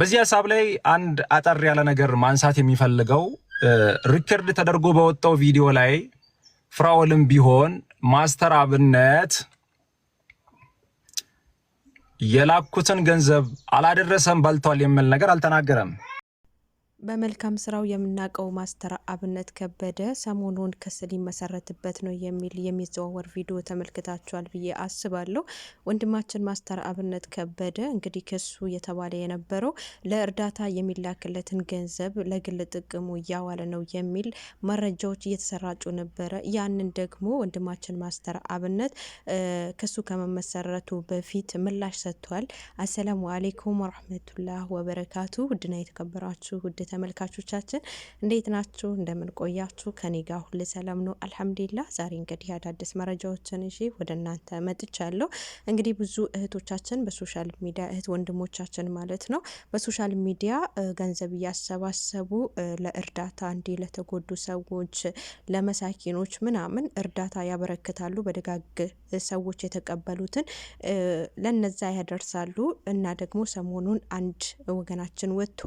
በዚህ ሀሳብ ላይ አንድ አጠር ያለ ነገር ማንሳት የሚፈልገው ሪከርድ ተደርጎ በወጣው ቪዲዮ ላይ ፍራውልም ቢሆን ማስተር አብነት የላኩትን ገንዘብ አላደረሰም በልቷል የሚል ነገር አልተናገረም። በመልካም ስራው የምናውቀው ማስተር አብነት ከበደ ሰሞኑን ክስ ሊመሰረትበት ነው የሚል የሚዘዋወር ቪዲዮ ተመልክታችኋል ብዬ አስባለሁ። ወንድማችን ማስተር አብነት ከበደ እንግዲህ ክሱ የተባለ የነበረው ለእርዳታ የሚላክለትን ገንዘብ ለግል ጥቅሙ እያዋለ ነው የሚል መረጃዎች እየተሰራጩ ነበረ። ያንን ደግሞ ወንድማችን ማስተር አብነት ክሱ ከመመሰረቱ በፊት ምላሽ ሰጥቷል። አሰላሙ አሌይኩም ወረህመቱላህ ወበረካቱ ውድና የተከበራችሁ ውድ ተመልካቾቻችን እንዴት ናችሁ? እንደምን ቆያችሁ? ከኔ ጋር ሁሉ ሰላም ነው አልሐምዱሊላ። ዛሬ እንግዲህ አዳዲስ መረጃዎችን ይዤ ወደ እናንተ መጥቻለሁ። እንግዲህ ብዙ እህቶቻችን በሶሻል ሚዲያ እህት ወንድሞቻችን ማለት ነው በሶሻል ሚዲያ ገንዘብ እያሰባሰቡ ለእርዳታ እንዲህ ለተጎዱ ሰዎች ለመሳኪኖች ምናምን እርዳታ ያበረክታሉ። በደጋግ ሰዎች የተቀበሉትን ለነዛ ያደርሳሉ እና ደግሞ ሰሞኑን አንድ ወገናችን ወጥቶ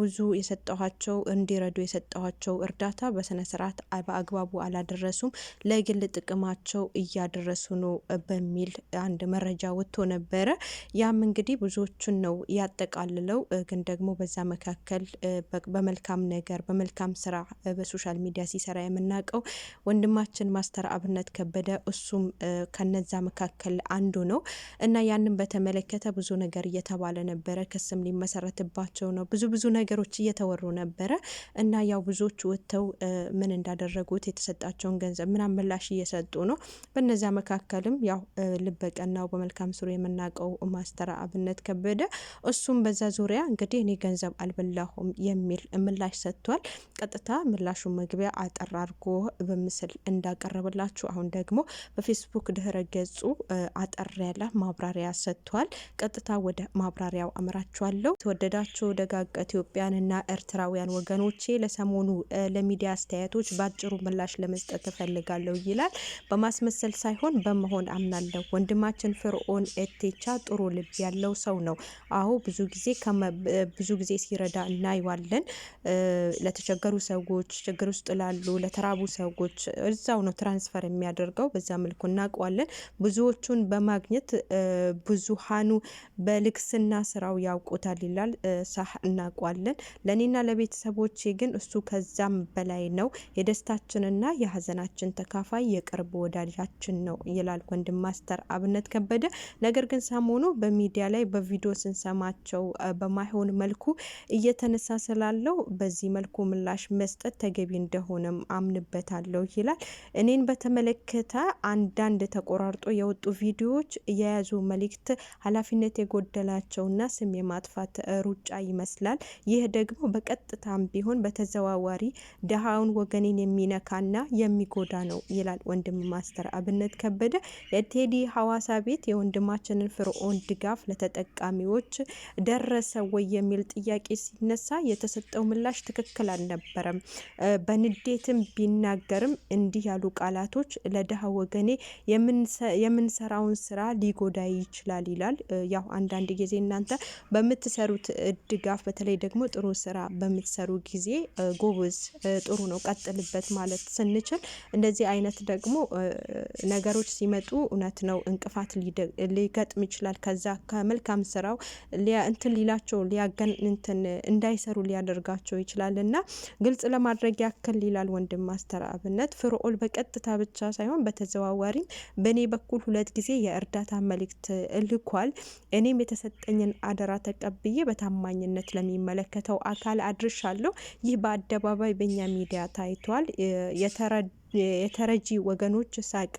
ለብዙ የሰጠኋቸው እንዲረዱ የሰጠኋቸው እርዳታ በስነ ስርዓት በአግባቡ አላደረሱም፣ ለግል ጥቅማቸው እያደረሱ ነው በሚል አንድ መረጃ ወጥቶ ነበረ። ያም እንግዲህ ብዙዎቹን ነው ያጠቃልለው። ግን ደግሞ በዛ መካከል በመልካም ነገር በመልካም ስራ በሶሻል ሚዲያ ሲሰራ የምናውቀው ወንድማችን ማስተር አብነት ከበደ እሱም ከነዛ መካከል አንዱ ነው እና ያንን በተመለከተ ብዙ ነገር እየተባለ ነበረ። ክስም ሊመሰረትባቸው ነው ብዙ ብዙ ነገር ነገሮች እየተወሩ ነበረ እና ያው ብዙዎች ወጥተው ምን እንዳደረጉት የተሰጣቸውን ገንዘብ ምናምን ምላሽ እየሰጡ ነው። በነዚያ መካከልም ያው ልበቀናው በመልካም ስሩ የምናውቀው ማስተር አብነት ከበደ እሱም በዛ ዙሪያ እንግዲህ እኔ ገንዘብ አልበላሁም የሚል ምላሽ ሰጥቷል። ቀጥታ ምላሹ መግቢያ አጠር አድርጎ በምስል እንዳቀረበላችሁ አሁን ደግሞ በፌስቡክ ድህረ ገጹ አጠር ያለ ማብራሪያ ሰጥቷል። ቀጥታ ወደ ማብራሪያው አምራችኋለሁ። ተወደዳችሁ ደጋግ ኢትዮጵያ ኢትዮጵያንና ኤርትራውያን ወገኖቼ ለሰሞኑ ለሚዲያ አስተያየቶች በአጭሩ ምላሽ ለመስጠት እፈልጋለሁ ይላል። በማስመሰል ሳይሆን በመሆን አምናለሁ። ወንድማችን ፍርኦን ኤቴቻ ጥሩ ልብ ያለው ሰው ነው። አሁ ብዙ ጊዜ ብዙ ጊዜ ሲረዳ እናየዋለን። ለተቸገሩ ሰዎች፣ ችግር ውስጥ ላሉ ለተራቡ ሰዎች እዛው ነው ትራንስፈር የሚያደርገው። በዛ መልኩ እናውቀዋለን። ብዙዎቹን በማግኘት ብዙሃኑ በልግስና ስራው ያውቁታል ይላል። ሳህ እናውቀዋለን። እንችላለን። ለእኔና ለቤተሰቦቼ ግን እሱ ከዛም በላይ ነው። የደስታችንና የሀዘናችን ተካፋይ የቅርብ ወዳጃችን ነው ይላል ወንድም ማስተር አብነት ከበደ። ነገር ግን ሰሞኑ በሚዲያ ላይ በቪዲዮ ስንሰማቸው በማይሆን መልኩ እየተነሳ ስላለው በዚህ መልኩ ምላሽ መስጠት ተገቢ እንደሆነም አምንበታለሁ ይላል። እኔን በተመለከተ አንዳንድ ተቆራርጦ የወጡ ቪዲዮዎች የያዙ መልእክት ኃላፊነት የጎደላቸውና ስም የማጥፋት ሩጫ ይመስላል። ይህ ይህ ደግሞ በቀጥታም ቢሆን በተዘዋዋሪ ድሃውን ወገኔን የሚነካና የሚጎዳ ነው ይላል ወንድም ማስተር አብነት ከበደ። የቴዲ ሀዋሳ ቤት የወንድማችንን ፍርዖን ድጋፍ ለተጠቃሚዎች ደረሰ ወይ የሚል ጥያቄ ሲነሳ የተሰጠው ምላሽ ትክክል አልነበረም። በንዴትም ቢናገርም እንዲህ ያሉ ቃላቶች ለድሃ ወገኔ የምንሰራውን ስራ ሊጎዳ ይችላል ይላል። ያው አንዳንድ ጊዜ እናንተ በምትሰሩት ድጋፍ በተለይ ደግሞ ጥሩ ስራ በምትሰሩ ጊዜ ጎበዝ፣ ጥሩ ነው ቀጥልበት ማለት ስንችል፣ እንደዚህ አይነት ደግሞ ነገሮች ሲመጡ እውነት ነው እንቅፋት ሊገጥም ይችላል። ከዛ ከመልካም ስራው እንትን ሊላቸው ሊያገን እንትን እንዳይሰሩ ሊያደርጋቸው ይችላል እና ግልጽ ለማድረግ ያክል ይላል ወንድም ማስተር አብነት ፍርኦል በቀጥታ ብቻ ሳይሆን በተዘዋዋሪም በእኔ በኩል ሁለት ጊዜ የእርዳታ መልእክት ልኳል። እኔም የተሰጠኝን አደራ ተቀብዬ በታማኝነት ለሚመለከ ለሚመለከተው አካል አድርሻለሁ። ይህ በአደባባይ በእኛ ሚዲያ ታይቷል። የተረጂ ወገኖች ሳቅ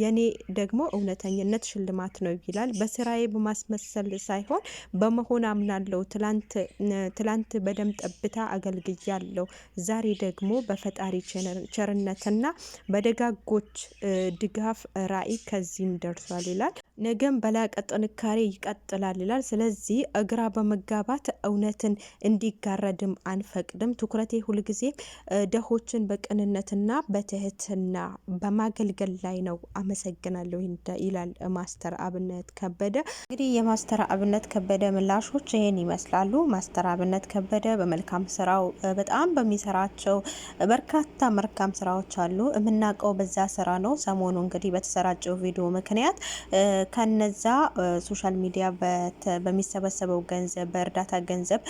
የኔ ደግሞ እውነተኝነት ሽልማት ነው ይላል። በስራዬ በማስመሰል ሳይሆን በመሆን አምናለው። ትላንት በደም ጠብታ አገልግያለሁ። ዛሬ ደግሞ በፈጣሪ ቸርነትና በደጋጎች ድጋፍ ራዕይ ከዚህም ደርሷል ይላል። ነገም በላቀ ጥንካሬ ይቀጥላል ይላል። ስለዚህ እግራ በመጋባት እውነትን እንዲጋረድም አንፈቅድም። ትኩረቴ ሁልጊዜ ደሆችን በቅንነትና በትህትና በማገልገል ላይ ነው ነው። አመሰግናለሁ ይላል ማስተር አብነት ከበደ። እንግዲህ የማስተር አብነት ከበደ ምላሾች ይህን ይመስላሉ። ማስተር አብነት ከበደ በመልካም ስራው በጣም በሚሰራቸው በርካታ መልካም ስራዎች አሉ። የምናውቀው በዛ ስራ ነው። ሰሞኑ እንግዲህ በተሰራጨው ቪዲዮ ምክንያት ከነዛ ሶሻል ሚዲያ በሚሰበሰበው ገንዘብ በእርዳታ ገንዘብ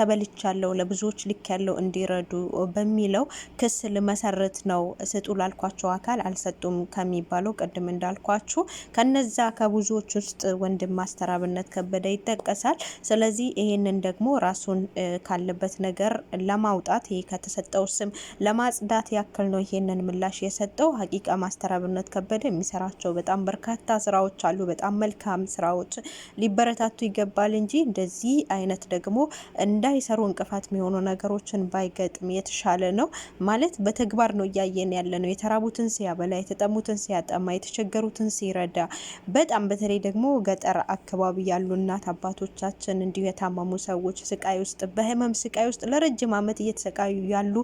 ተበልቻለው ለብዙዎች ልክ ያለው እንዲረዱ በሚለው ክስ ልመሰርት ነው ስጡ ላልኳቸው አካል አልሰጡም ከሚባለው ቅድም እንዳልኳችሁ ከነዛ ከብዙዎች ውስጥ ወንድም አስተራብነት ከበደ ይጠቀሳል። ስለዚህ ይሄንን ደግሞ ራሱን ካለበት ነገር ለማውጣት ይሄ ከተሰጠው ስም ለማጽዳት ያክል ነው ይሄንን ምላሽ የሰጠው። ሀቂቃ ማስተራብነት ከበደ የሚሰራቸው በጣም በርካታ ስራዎች አሉ። በጣም መልካም ስራዎች ሊበረታቱ ይገባል እንጂ እንደዚህ አይነት ደግሞ እንዳይሰሩ እንቅፋት የሚሆኑ ነገሮችን ባይገጥም የተሻለ ነው ማለት በተግባር ነው እያየን ያለ ነው የተራቡትን ሲያበላ ላይ የተጠሙትን ሲያጠማ፣ የተቸገሩትን ሲረዳ በጣም በተለይ ደግሞ ገጠር አካባቢ ያሉ እናት አባቶቻችን እንዲሁ የታመሙ ሰዎች ስቃይ ውስጥ በህመም ስቃይ ውስጥ ለረጅም ዓመት እየተሰቃዩ ያሉ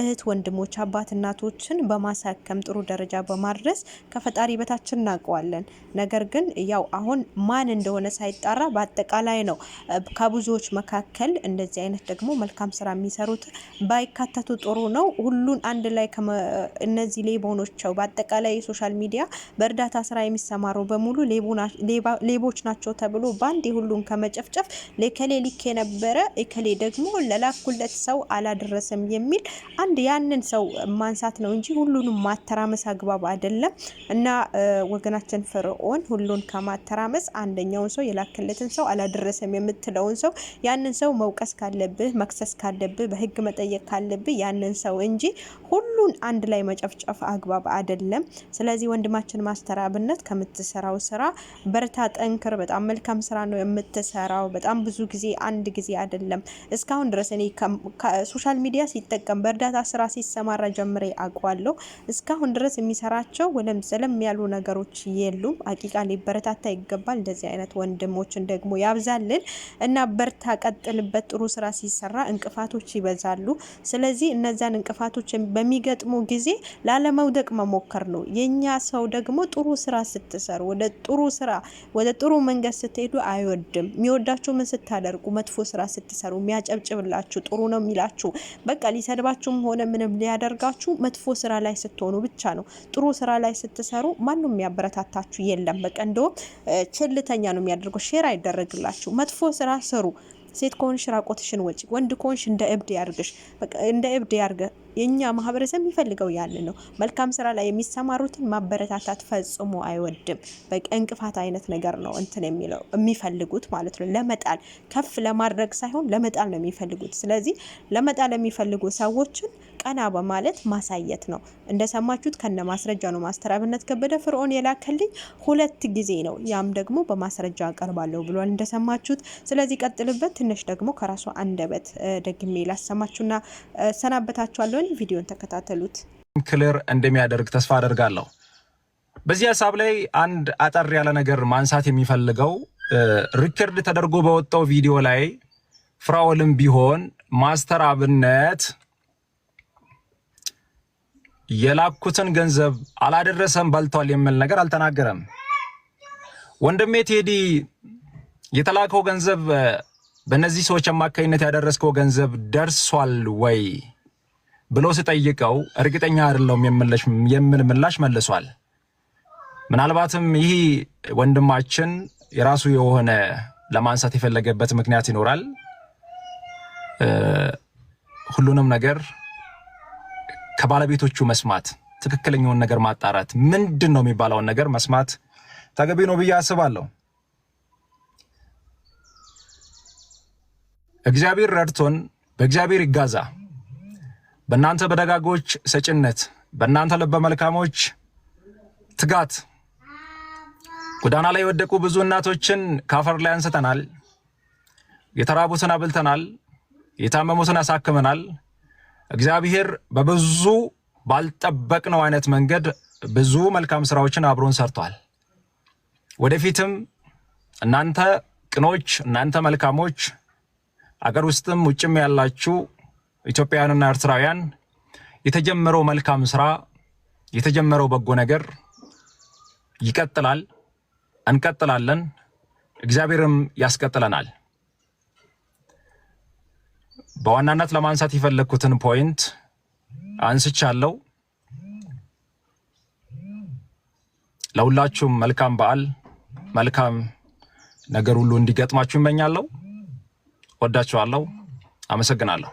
እህት ወንድሞች፣ አባት እናቶችን በማሳከም ጥሩ ደረጃ በማድረስ ከፈጣሪ በታችን እናውቀዋለን። ነገር ግን ያው አሁን ማን እንደሆነ ሳይጣራ በአጠቃላይ ነው ከብዙዎች መካከል እንደዚህ አይነት ደግሞ መልካም ስራ የሚሰሩት ባይካተቱ ጥሩ ነው። ሁሉን አንድ ላይ እነዚህ ሌቦኖቸው አጠቃላይ የሶሻል ሚዲያ በእርዳታ ስራ የሚሰማሩ በሙሉ ሌቦች ናቸው ተብሎ በአንድ የሁሉን ከመጨፍጨፍ ለከሌ ልክ የነበረ እከሌ ደግሞ ለላኩለት ሰው አላደረሰም የሚል አንድ ያንን ሰው ማንሳት ነው እንጂ ሁሉንም ማተራመስ አግባብ አይደለም። እና ወገናችን ፍርዖን ሁሉን ከማተራመስ አንደኛውን ሰው የላክለትን ሰው አላደረሰም የምትለውን ሰው ያንን ሰው መውቀስ ካለብህ፣ መክሰስ ካለብህ፣ በህግ መጠየቅ ካለብህ ያንን ሰው እንጂ ሁሉን አንድ ላይ መጨፍጨፍ አግባብ አይደለም። አይደለም። ስለዚህ ወንድማችን ማስተር አብነት ከምትሰራው ስራ በርታ፣ ጠንክር። በጣም መልካም ስራ ነው የምትሰራው። በጣም ብዙ ጊዜ አንድ ጊዜ አይደለም። እስካሁን ድረስ እኔ ሶሻል ሚዲያ ሲጠቀም በእርዳታ ስራ ሲሰማራ ጀምሬ አውቀዋለሁ። እስካሁን ድረስ የሚሰራቸው ወለም ዘለም ያሉ ነገሮች የሉም። አቂቃ ሊበረታታ ይገባል። እንደዚህ አይነት ወንድሞችን ደግሞ ያብዛልን እና በርታ፣ ቀጥልበት። ጥሩ ስራ ሲሰራ እንቅፋቶች ይበዛሉ። ስለዚህ እነዚያን እንቅፋቶች በሚገጥሙ ጊዜ ላለመውደቅ መሞከር መሞከር ነው። የኛ ሰው ደግሞ ጥሩ ስራ ስትሰሩ፣ ወደ ጥሩ ስራ ወደ ጥሩ መንገድ ስትሄዱ አይወድም። የሚወዳችሁ ምን ስታደርጉ፣ መጥፎ ስራ ስትሰሩ፣ የሚያጨብጭብላችሁ ጥሩ ነው የሚላችሁ በቃ ሊሰድባችሁም ሆነ ምንም ሊያደርጋችሁ መጥፎ ስራ ላይ ስትሆኑ ብቻ ነው። ጥሩ ስራ ላይ ስትሰሩ ማንም የሚያበረታታችሁ የለም። በቃ እንደውም ችልተኛ ነው የሚያደርገው። ሼር አይደረግላችሁ። መጥፎ ስራ ስሩ። ሴት ከሆንሽ ራቆትሽን ወጪ፣ ወንድ ከሆንሽ እንደ እብድ ያርግሽ፣ እንደ እብድ ያርገ የእኛ ማህበረሰብ የሚፈልገው ያን ነው። መልካም ስራ ላይ የሚሰማሩትን ማበረታታት ፈጽሞ አይወድም። በእንቅፋት አይነት ነገር ነው እንትን የሚለው የሚፈልጉት ማለት ነው። ለመጣል ከፍ ለማድረግ ሳይሆን ለመጣል ነው የሚፈልጉት። ስለዚህ ለመጣል የሚፈልጉ ሰዎችን ቀና በማለት ማሳየት ነው። እንደሰማችሁት ከነ ማስረጃ ነው። ማስተር አብነት ከበደ ፍርዖን የላከልኝ ሁለት ጊዜ ነው። ያም ደግሞ በማስረጃ አቀርባለሁ ብሏል እንደሰማችሁት። ስለዚህ ቀጥልበት። ትንሽ ደግሞ ከራሱ አንደበት ደግሜ ላሰማችሁና ሰናበታችኋለሁኝ። ቪዲዮን ተከታተሉት። ክልር እንደሚያደርግ ተስፋ አደርጋለሁ። በዚህ ሀሳብ ላይ አንድ አጠር ያለ ነገር ማንሳት የሚፈልገው ሪከርድ ተደርጎ በወጣው ቪዲዮ ላይ ፍራውልም ቢሆን ማስተር አብነት የላኩትን ገንዘብ አላደረሰም በልቷል የሚል ነገር አልተናገረም። ወንድሜ ቴዲ የተላከው ገንዘብ በእነዚህ ሰዎች አማካኝነት ያደረስከው ገንዘብ ደርሷል ወይ ብሎ ስጠይቀው እርግጠኛ አይደለሁም የሚል ምላሽ መልሷል። ምናልባትም ይህ ወንድማችን የራሱ የሆነ ለማንሳት የፈለገበት ምክንያት ይኖራል። ሁሉንም ነገር ከባለቤቶቹ መስማት፣ ትክክለኛውን ነገር ማጣራት፣ ምንድን ነው የሚባለውን ነገር መስማት ተገቢ ነው ብዬ አስባለሁ። እግዚአብሔር ረድቶን በእግዚአብሔር ይጋዛ። በእናንተ በደጋጎች ሰጭነት፣ በእናንተ ልበ መልካሞች ትጋት ጎዳና ላይ የወደቁ ብዙ እናቶችን ከአፈር ላይ አንስተናል። የተራቡትን አብልተናል። የታመሙትን አሳክመናል። እግዚአብሔር በብዙ ባልጠበቅነው አይነት መንገድ ብዙ መልካም ስራዎችን አብሮን ሰርቷል። ወደፊትም እናንተ ቅኖች፣ እናንተ መልካሞች፣ አገር ውስጥም ውጭም ያላችሁ ኢትዮጵያውያንና ኤርትራውያን የተጀመረው መልካም ስራ የተጀመረው በጎ ነገር ይቀጥላል። እንቀጥላለን። እግዚአብሔርም ያስቀጥለናል። በዋናነት ለማንሳት የፈለግኩትን ፖይንት አንስቻለሁ። ለሁላችሁም መልካም በዓል፣ መልካም ነገር ሁሉ እንዲገጥማችሁ እመኛለሁ። ወዳችኋለሁ። አመሰግናለሁ።